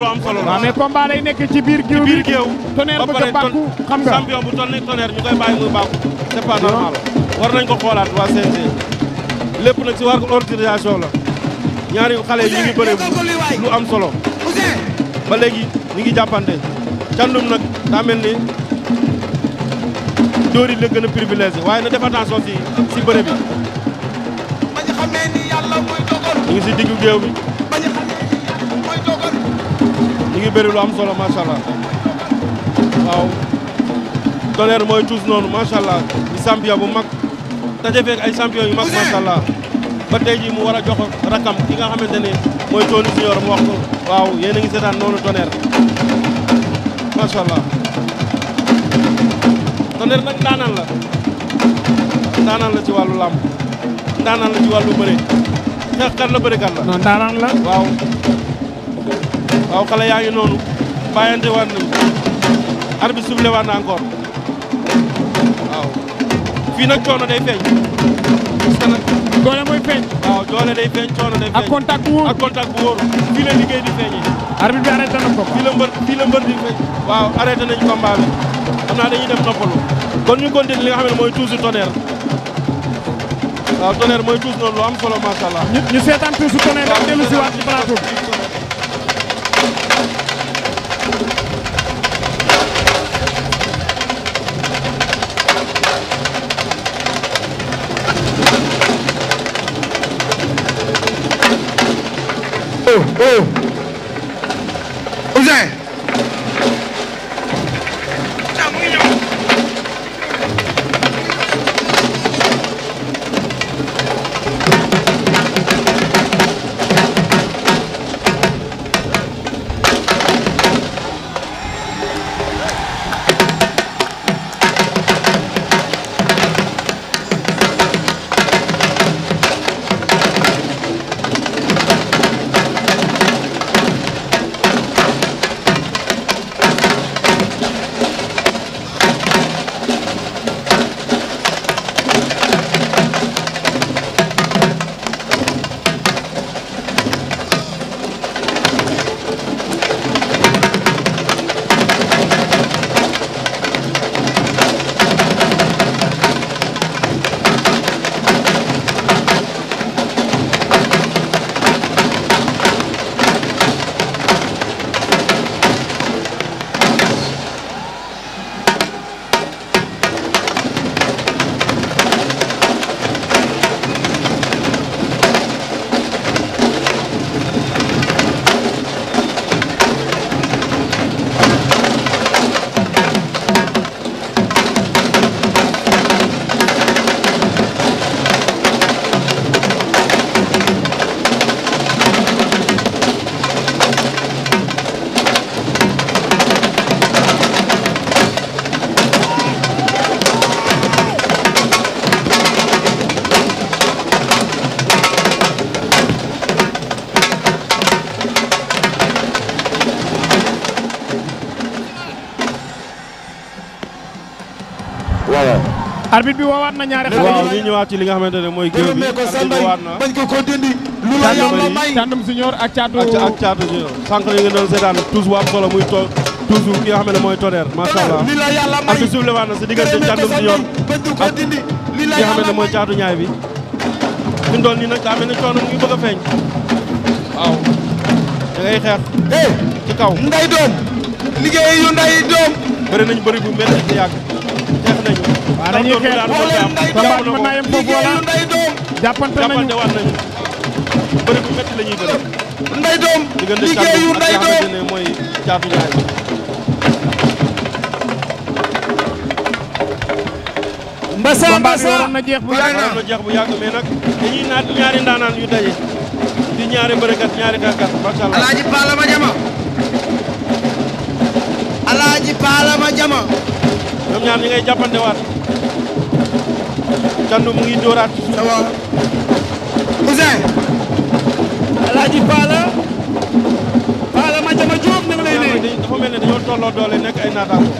waaw mais combat lay nekk ci biir géew bi tonnerre a xam nga champion bu toll nii tonnerre ñu koy bàyyi muy bàkku c'est pas normal war nañ ko xoolaat waa CNG lépp nag si war organisation la ñaari xale yi ñu ngi bëre lu am solo ba léegi ñu ngi jàppante candum nag daa ni dóor yi la gën a waaye na def attention si si bëre bi ñu ngi si diggu géew bi ñu ngi bëri lu am solo macha allah waaw mooy tuus noonu macha allah di bu mag daje fekk ay champion yu mag macha allah ba tey jii mu war a jox rakam ki nga xamante ne mooy Tony Junior mu wax ko waaw yéen a ngi seetaan noonu Tonnerre macha allah Tonnerre nag ndaanaan la ndaanaan la ci wàllu làmb ndaanaan la ci wàllu bëre xeexkat la bërekat la. non ndaanaan la waaw. waaw xale yaa ngi noonu bàyyante waat nañu arbitre bi soufflé waat na encore waaw fii nag coono day feeñ parce que nag doole mooy feeñ waaw doole day feeñ coono day feeñ ak contact bu wóor ak contact fii la liggéey di feeñee arbitre bi arrêté na ko fii la mbër fii la mbër di feeñ waaw arrêté nañu combat bi xam naa dañuy dem noppalu kon ñu continuer li nga xam ne mooy toujours tonnerre waaw tonnerre mooy toujours noonu lu am solo macha allah seetaan toujours tonnerre ak dellu si waat ci oh oh arbitre bi woowaat na ñaari xale. waaw ñu ñëwaat ci li nga xamante ne mooy. géew bi bañ ko ko dindi. lu la yàlla may tàndum junior ak caatu ak caatu junior sànq la ngeen doon seetaan tous waa solo muy toog toujours ki nga xam mooy tonnerre macha li la yàlla may arbitre suuf na si diggante tàndum junior ak ki nga xam ne mooy caatu ñaay bi. nii nag daa mel ne coono ngi bëgg a feeñ. waaw da ngay xeex. Eh, ci kaw nday doom liggéey yu nday doom. jeex nañu. waaw dañuy xeex combat bi mën naa yem foofu wala jàppante nañu jàppantewaat nañu. bëri bu métti la ñuy bëri. nday doom liggéeyu nday doom mooy caafi ñaay. mbasa mbasa waroon na jeex bu yàgg waroon na jeex bu yàgg mais nag dañuy naat ñaari ndaanaan yu daje. di ñaari bërëkat ñaari kàkkat macha allah. alaaji Paalama Jama. alaaji Paalama Jama. ñoom ñaar ñi ngay jàppante waat Thiandou mu ngi dóoraat ci suuf waaw Ousseyn Alaaji Paala Paala ma jama Jóob ñu ngi lay ne dafa mel ne dañoo tolloo doole nekk ay naataango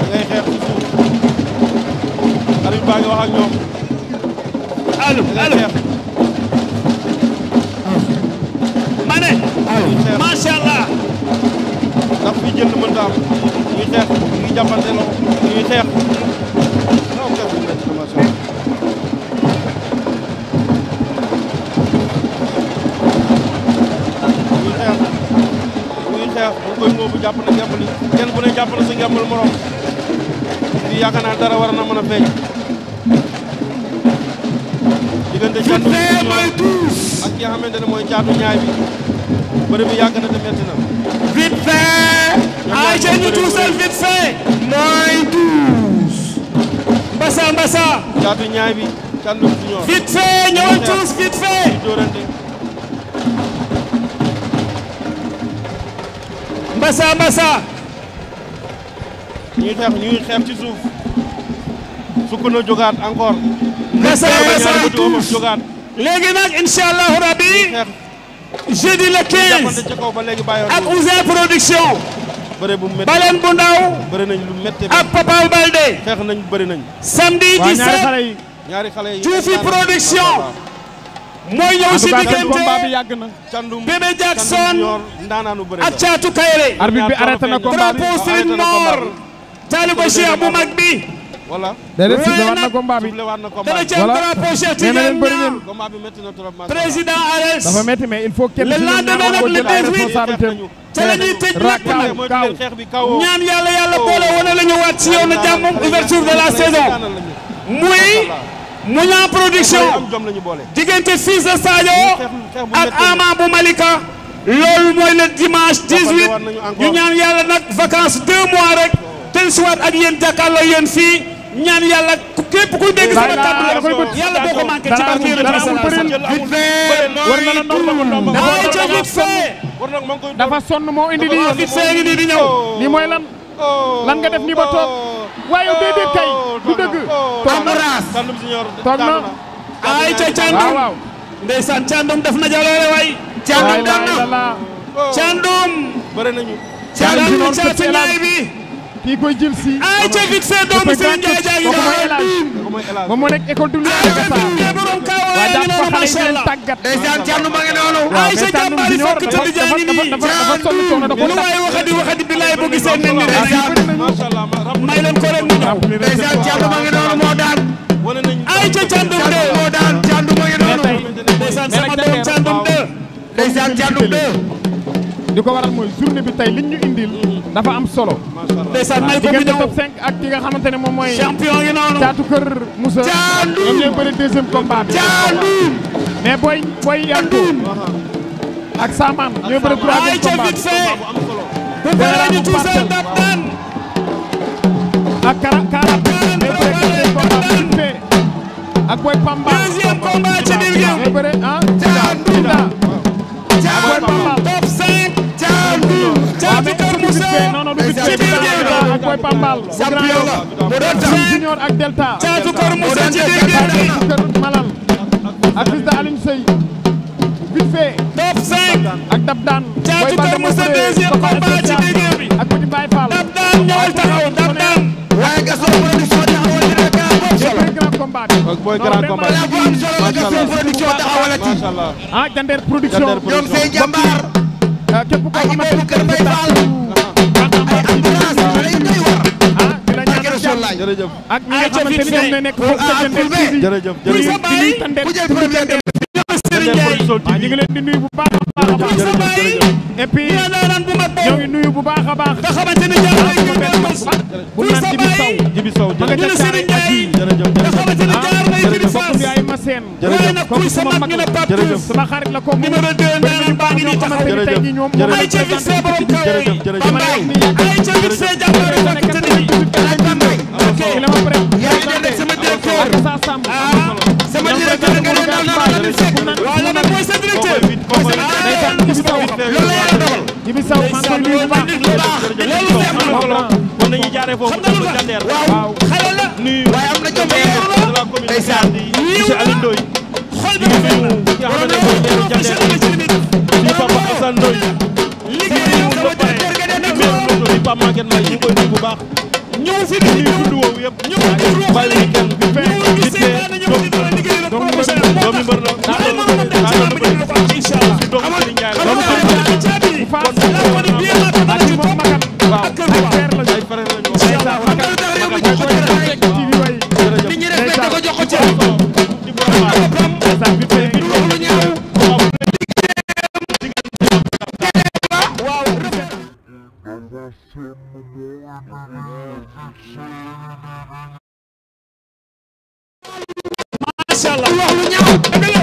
da ngay xeex ci suuf Aliou baa ngi wax ak ñoom allo allo ma ne macha allah ndax fi jënd mën ta am xeex ñu ngi jàppante loo ñu ngi xeex non xeex bu nekk formation ñu xeex ñu xeex bu koy moobu jàpp na ngembali kenn ku ne jàpp na sa ngembal morom di yaakaar naa dara war na mën a feeñ diggante caatu ak ki nga xamante ne mooy caatu ñaay bi bëri bi yàgg na te metti ayca ñu tuusal vite fait. mooy tuus. Mbassa Mbassa. jaatu ñaay bi kan du vite fait ñëwal tuus vite fait. Mbassa Mbassa. ñu ngi xeex ñu ngi xeex ci suuf. sukk na jógaat encore. Mbassa Mbassa tuus jógaat. léegi nag incha allahu rabi. jeudi le 15 ak Ouzin production. bëre bu métti baleen bu ndaw. lu métti ak Papa Balde. xeex nañ bëri nañ. samedi 17 ñaari xale yi. ñaari xale yi Juufi production. mooy ñëw si diggante Bébé Jackson ak Caatu Kayre. arbitre bi arrêté na combat bi drapeau Serigne Mor. taaliba mag bi. voilà déedéet suble waat na combat bi dana ci drapeau Cheikh Tidiane Niang bi métti na trop président Ares dafa métti mais il faut kenn le lendemain nag le 18 ca la ñuy tëj ñaan yàlla yàlla boole wane la ñu si yow na jàmm oh. ouverture de la saison muy Mouniang Production diggante fils de Sadio ak Ama bu Malika loolu mooy le dimanche 18 ñu ñaan yàlla nag vacances deux mois rek ten oh. siwaat ak yéen jàkkaarloo yéen fii ñaan yàlla képp kuy dégg sama kàddu la yàlla boo ko manqué ci barke yéen a war na la ndomb ay ca vite fait dafa sonn moo indi lii vite fait di ñëw lii mooy lan oh. lan nga def nii ba toog waaye déedéet kay oh. du oh. dëgg toog na raas toog na ay ca càndum ndeysaan càndum def na jaloore waay càndum daan na càndum bëri nañu bi kii koy jël si. ay ca vite c' est doomu Serigne Ndiaye jaa ngi noonu. moom moo nekk école du Louga Gassara. waaye daa ko xale yi di leen tàggat. ma ngi noonu. waaw mais Thierno bi ñor dafa dafa dafa sonn coono da koo tax. waxati waxati bilaay boo gisee mel ni ndeysaan. may leen ko rek mu ñëw. ndeysaan Thierno ma ngi noonu moo daan. ay ca Thiandoum 2 moo daan Thiandoum ma ngi noonu. ndeysaan li ko waral mooy journée bi tey liñ ñu indil. dafa am solo. ndeysaan may ko mi ñëw top ak ki nga xamante ne moom mooy. champion yi noonu caatu kër Moussa. caandu ñoom ñooy bëri deuxième combat bi. caandu mais ak saamaan ñooy bëri troisième combat bu fekkee ñu tuuse ndam ak kara kara ñooy bëri deuxième combat bi. ak booy Pamba. deuxième combat ci biir yow. ci biir géew bi koy pambal champion la junior ak delta caatu kor Moussa ci biir malal ak fils de Aline Sey vite fait top 5 kor Moussa ci biir ak petit Baye Fall dab daan ñëwal taxaw waaye Gaston production taxawal dina ka am solo grand combat boy grand combat la euh, bu am solo la Gaston production taxawalati ah Jandeer production ñoom seen jàmbaar képp ko xamante ne kër Baye Fall jërëjëf ak ñi nga xamante ni ñoom ñoo nekk foofu tëjante ci jërëjëf jërëjëf bu jël problème ñu ngi leen di nuyu bu baax a baax sa baay et puis ñoo ngi nuyu bu baax a baax nga xamante ni jaay ñu benn man bu naan jibi saw jibi saw jërëjëf Serigne Ndiaye jërëjëf nga xamante ni jaar na jibi saw yaay ma seen waaye nag kuy sa mag ñu ne Pape xarit la ko numéro 2 naan baa ngi nii taxaw na solo kon dañuy jaaree foofu dem ba Jandeer waaw xale la nuyu waaye am na jom de la commune de Jandeer monsieur Alioune Ndoye xol bi rafet na ki nga xamante ne mooy maire Jandeer di Papa Assane Ndoye liggéey yow ba pare maire Ndoye di Papa Maguette Mbaye ñu koy nuyu bu macha allah